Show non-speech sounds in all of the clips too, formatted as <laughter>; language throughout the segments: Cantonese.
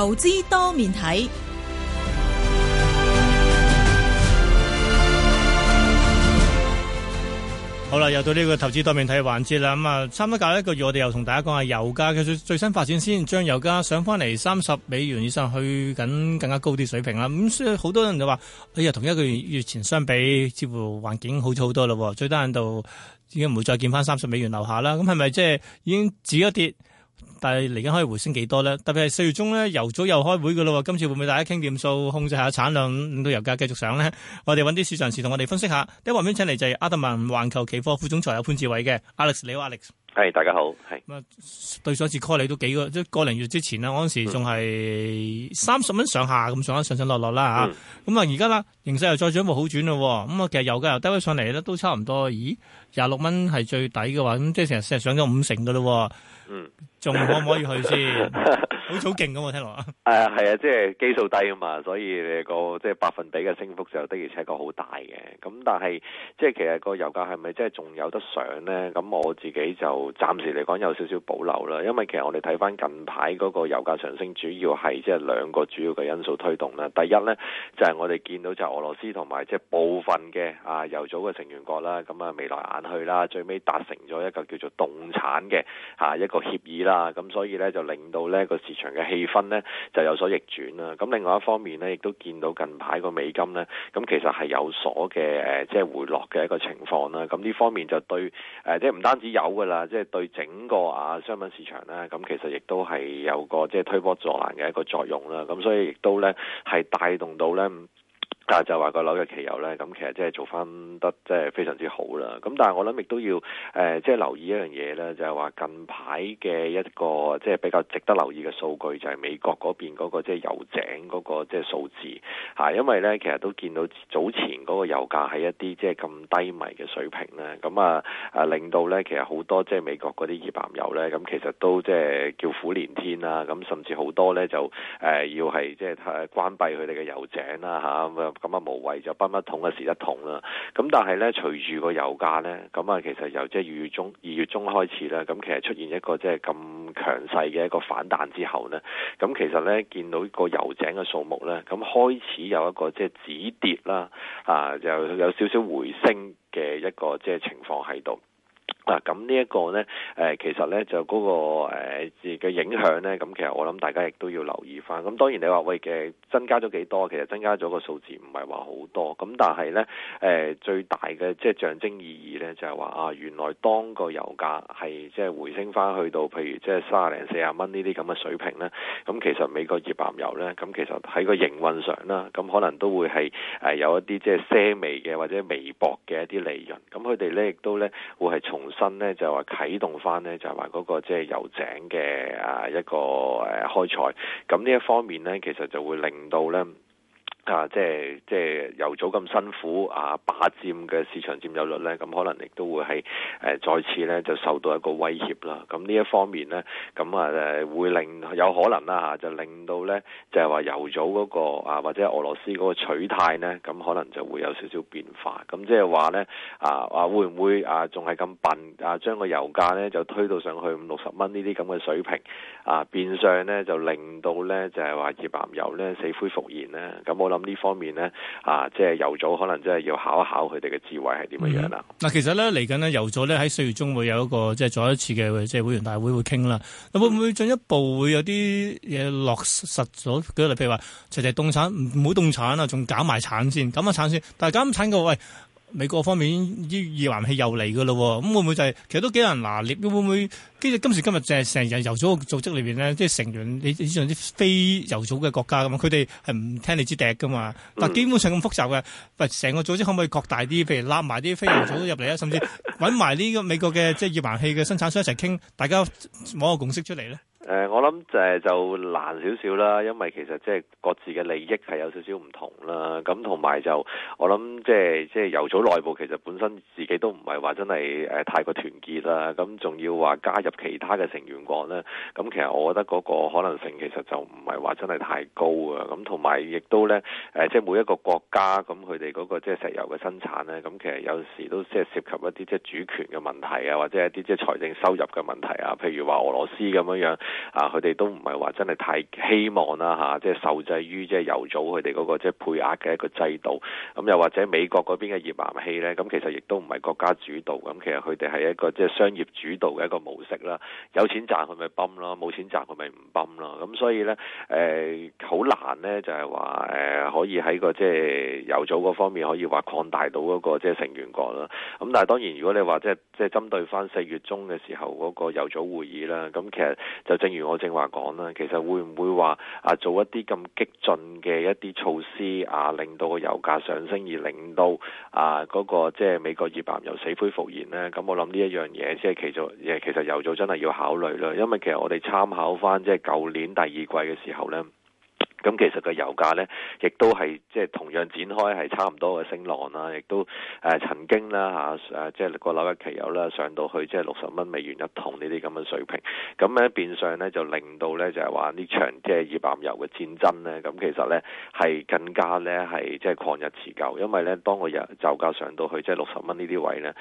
投資多面睇，好啦，又到呢個投資多面睇嘅環節啦。咁啊，差唔多隔一個月，我哋又同大家講下油價嘅最新發展先，將油價上翻嚟三十美元以上，去緊更加高啲水平啦。咁所以好多人就話，哎呀，同一個月，月前相比，似乎環境好咗好多咯。最低限度，已經唔會再見翻三十美元樓下啦。咁係咪即係已經止咗跌？但係嚟緊可以回升幾多咧？特別係四月中咧，油早又開會，噶啦喎，今次會唔會大家傾掂數，控制下產量，令、嗯、到油價繼續上咧？我哋揾啲市場人士同我哋分析下。一畫面請嚟就係亞達盟環球期貨副總裁有潘志偉嘅 Alex，你好 Alex。係，hey，大家好。係咁啊，是對上一次 call 你都幾個即係個零月之前啦，嗰陣時仲係三十蚊上下咁上上上落落啦吓。咁、嗯、啊而家啦，形勢又再進一步好轉啦。咁、嗯、啊，其實油價又低咗上嚟咧，都差唔多。咦，廿六蚊係最底嘅話，咁即係成日上咗五成噶啦。嗯，仲可唔可以去先？好 <laughs> 早勁噶嘛，聽落。啊，係啊，即、就、係、是、基數低啊嘛，所以你個即係百分比嘅升幅就的而且確好大嘅。咁但係即係其實個油價係咪即係仲有得上咧？咁我自己就，暫時嚟講有少少保留啦，因為其實我哋睇返近排嗰個油價上升，主要係即係兩個主要嘅因素推動啦。第一呢，就係、是、我哋見到就係俄羅斯同埋即係部分嘅啊油組嘅成員國啦，咁啊未來眼去啦，最尾達成咗一個叫做凍產嘅吓、啊、一個協議啦，咁、啊、所以呢，就令到呢個市場嘅氣氛呢，就有所逆轉啦。咁、啊、另外一方面呢，亦都見到近排個美金呢，咁、啊、其實係有所嘅誒、啊、即係回落嘅一個情況啦。咁、啊、呢方面就對誒、啊、即係唔單止有噶啦。即係對整個啊商品市場咧，咁其實亦都係有個即係、就是、推波助瀾嘅一個作用啦。咁所以亦都咧係帶動到咧。但就話紐約嘅期油咧，咁其實即係做翻得即係非常之好啦。咁但係我諗亦都要誒，即、呃、係、就是、留意一樣嘢咧，就係、是、話近排嘅一個即係、就是、比較值得留意嘅數據，就係、是、美國嗰邊嗰個即係油井嗰個即係數字嚇、啊。因為咧，其實都見到早前嗰個油價喺一啲即係咁低迷嘅水平咧。咁啊啊令到咧，其實好多即係美國嗰啲頁岩油咧，咁其實都即係叫苦連天啦、啊。咁、啊、甚至好多咧就誒、呃、要係即係關閉佢哋嘅油井啦嚇咁啊！啊咁啊無謂就崩一桶嘅時一桶啦。咁但係咧，隨住個油價咧，咁啊其實由即係二月中二月中開始咧，咁其實出現一個即係咁強勢嘅一個反彈之後咧，咁其實咧見到個油井嘅數目咧，咁開始有一個即係止跌啦，啊就有少少回升嘅一個即係情況喺度。嗱咁呢一個呢，誒、呃、其實呢，就嗰、那個誒嘅、呃、影響呢。咁其實我諗大家亦都要留意翻。咁當然你話喂嘅增加咗幾多？其實增加咗個數字唔係話好多。咁但係呢，誒、呃、最大嘅即係象徵意義呢，就係、是、話啊，原來當個油價係即係回升翻去到譬如即係三啊零四啊蚊呢啲咁嘅水平呢。咁、嗯、其實美國頁岩油呢，咁、嗯、其實喺個營運上啦，咁、嗯、可能都會係誒、呃、有一啲即係些微嘅或者微薄嘅一啲利潤。咁佢哋呢，亦都呢會係從新咧，就係話啟動翻咧，就係話嗰個即係油井嘅啊一個誒開採，咁呢一方面咧，其實就會令到咧。啊，即係即係油組咁辛苦啊，霸佔嘅市場佔有率呢，咁可能亦都會係誒、呃、再次呢就受到一個威脅啦。咁、嗯、呢一方面呢，咁啊誒會令有可能啦、啊、嚇，就令到呢，就係、是、話油組嗰、那個啊或者俄羅斯嗰個取態呢，咁可能就會有少少變化。咁即係話呢，啊啊會唔會啊仲係咁笨啊將個油價呢就推到上去五六十蚊呢啲咁嘅水平啊，變相呢就令到呢，就係話頁岩油呢死灰復燃呢。咁我諗。呢方面呢，啊，即係油組可能真係要考一考佢哋嘅智慧係點樣啦。嗱，其實咧嚟緊咧油組咧喺四月中會有一個即係再一次嘅即係會員大會會傾啦。會唔會進一步會有啲嘢落實咗？舉例譬如話，齊齊凍產唔好凍產啊？仲搞埋產先搞埋產先，但係減產嘅喂。美國方面啲頁岩氣又嚟噶啦，咁會唔會就係、是、其實都幾難拿捏？會唔會其實今時今日成成日油組個組織裏邊咧，即係成員你以上啲非油組嘅國家咁，佢哋係唔聽你支笛噶嘛？嗱，基本上咁複雜嘅，成個組織可唔可以擴大啲？譬如拉埋啲非油組入嚟啊，甚至揾埋呢個美國嘅即係頁岩氣嘅生產商一齊傾，大家揾個共識出嚟咧。誒、呃，我諗就就難少少啦，因為其實即係各自嘅利益係有少少唔同啦。咁同埋就我諗即係即係油組內部其實本身自己都唔係話真係誒太過團結啦。咁仲要話加入其他嘅成員國呢？咁其實我覺得嗰個可能性其實就唔係話真係太高啊。咁同埋亦都呢，誒、呃，即係每一個國家咁佢哋嗰個即係石油嘅生產呢，咁其實有時都即係涉及一啲即係主權嘅問題啊，或者一啲即係財政收入嘅問題啊，譬如話俄羅斯咁樣樣。啊！佢哋都唔係話真係太希望啦、啊、嚇、啊，即係受制於即係油組佢哋嗰個即係配額嘅一個制度。咁、啊、又或者美國嗰邊嘅頁岩氣呢，咁、啊、其實亦都唔係國家主導。咁、啊、其實佢哋係一個即係商業主導嘅一個模式啦、啊。有錢賺佢咪泵咯，冇、啊、錢賺佢咪唔泵咯。咁、啊、所以呢，誒、呃、好難呢就係話誒可以喺個即係油組嗰方面可以話擴大到嗰個即係成員國啦。咁、啊、但係當然如果你話即係即係針對翻四月中嘅時候嗰個油組會議啦，咁、啊、其實就正如我正話講啦，其實會唔會話啊做一啲咁激進嘅一啲措施啊，令到個油價上升而令到啊嗰、嗰個即係美國頁岩油死灰復燃呢？咁、嗯、我諗呢一樣嘢即係期就其實,其實油組真係要考慮啦，因為其實我哋參考翻即係舊年第二季嘅時候呢。咁其實個油價咧，亦都係即係同樣展開係差唔多嘅升浪啦，亦都誒、呃、曾經啦嚇誒，即係個紐約期油啦上到去即係六十蚊美元一桶呢啲咁嘅水平，咁咧變相咧就令到咧就係話呢場即係頁岩油嘅戰爭咧，咁其實咧係更加咧係即係曠日持久，因為咧當個油就價上到去即係六十蚊呢啲位咧。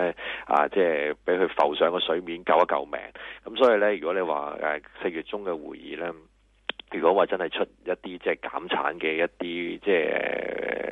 咧啊，即係俾佢浮上個水面救一救命，咁所以咧，如果你話誒四月中嘅會議咧，如果話真係出一啲即係減產嘅一啲即係。即係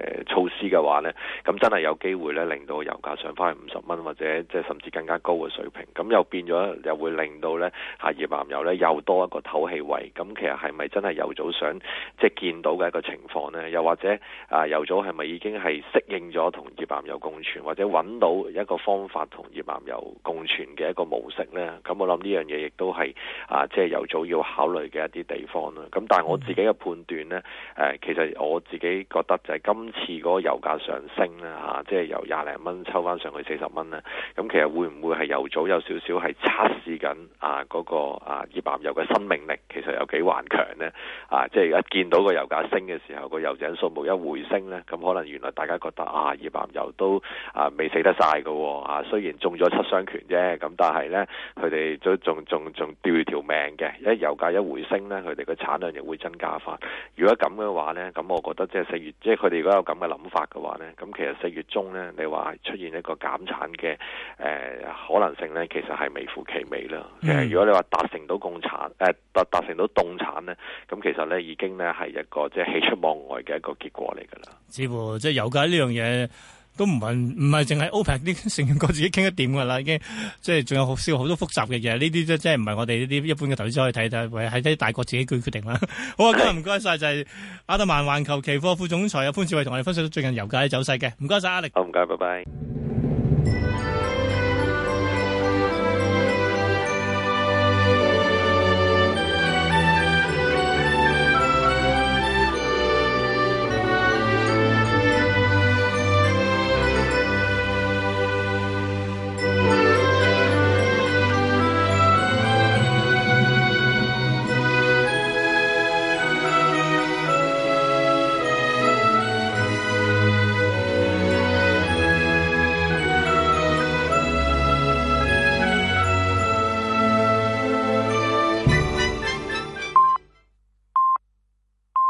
誒措施嘅話咧，咁真係有機會咧，令到油價上翻去五十蚊，或者即係甚至更加高嘅水平。咁又變咗，又會令到咧，嚇頁岩油咧又多一個透氣位。咁其實係咪真係油組想即係見到嘅一個情況咧？又或者啊，油組，呃係咪已經係適應咗同頁岩油共存，或者揾到一個方法同頁岩油共存嘅一個模式咧？咁我諗呢樣嘢亦都係啊，即係油組要考慮嘅一啲地方啦。咁但係我自己嘅判斷咧，誒、呃、其實我自己覺得就係今次。如果油價上升咧吓、啊，即係由廿零蚊抽翻上去四十蚊咧，咁、啊、其實會唔會係由早有少少係測試緊啊嗰、那個啊頁岩油嘅生命力其實有幾頑強呢？啊，即係一見到個油價升嘅時候，個油井數目一回升呢。咁、啊、可能原來大家覺得啊頁岩油都啊未死得晒㗎喎啊，雖然中咗七傷拳啫，咁、啊、但係呢，佢哋都仲仲仲吊住條命嘅，一油價一回升呢，佢哋個產量亦會增加翻。如果咁嘅話呢，咁我覺得即係四月，即係佢哋如果有咁。嘅諗法嘅話呢，咁其實四月中呢，你話出現一個減產嘅誒、呃、可能性呢，其實係微乎其微啦。誒，如果你話達成到共產誒達、呃、達成到凍產呢，咁其實呢已經呢係一個即係喜出望外嘅一個結果嚟㗎啦。似乎即係有解呢樣嘢。都唔係唔係淨係 OPEC 啲，是是 OP 成員國自己傾一掂噶啦，已經即係仲有好少好多複雜嘅嘢，呢啲即係唔係我哋呢啲一般嘅投資可以睇睇，係喺啲大國自己去決定啦。好啊，今日唔該晒，就係亞達盟環球期貨副，副，副，副總裁阿潘志偉同我哋分享咗最近油價嘅走勢嘅，唔該晒，阿力，好唔該，拜拜。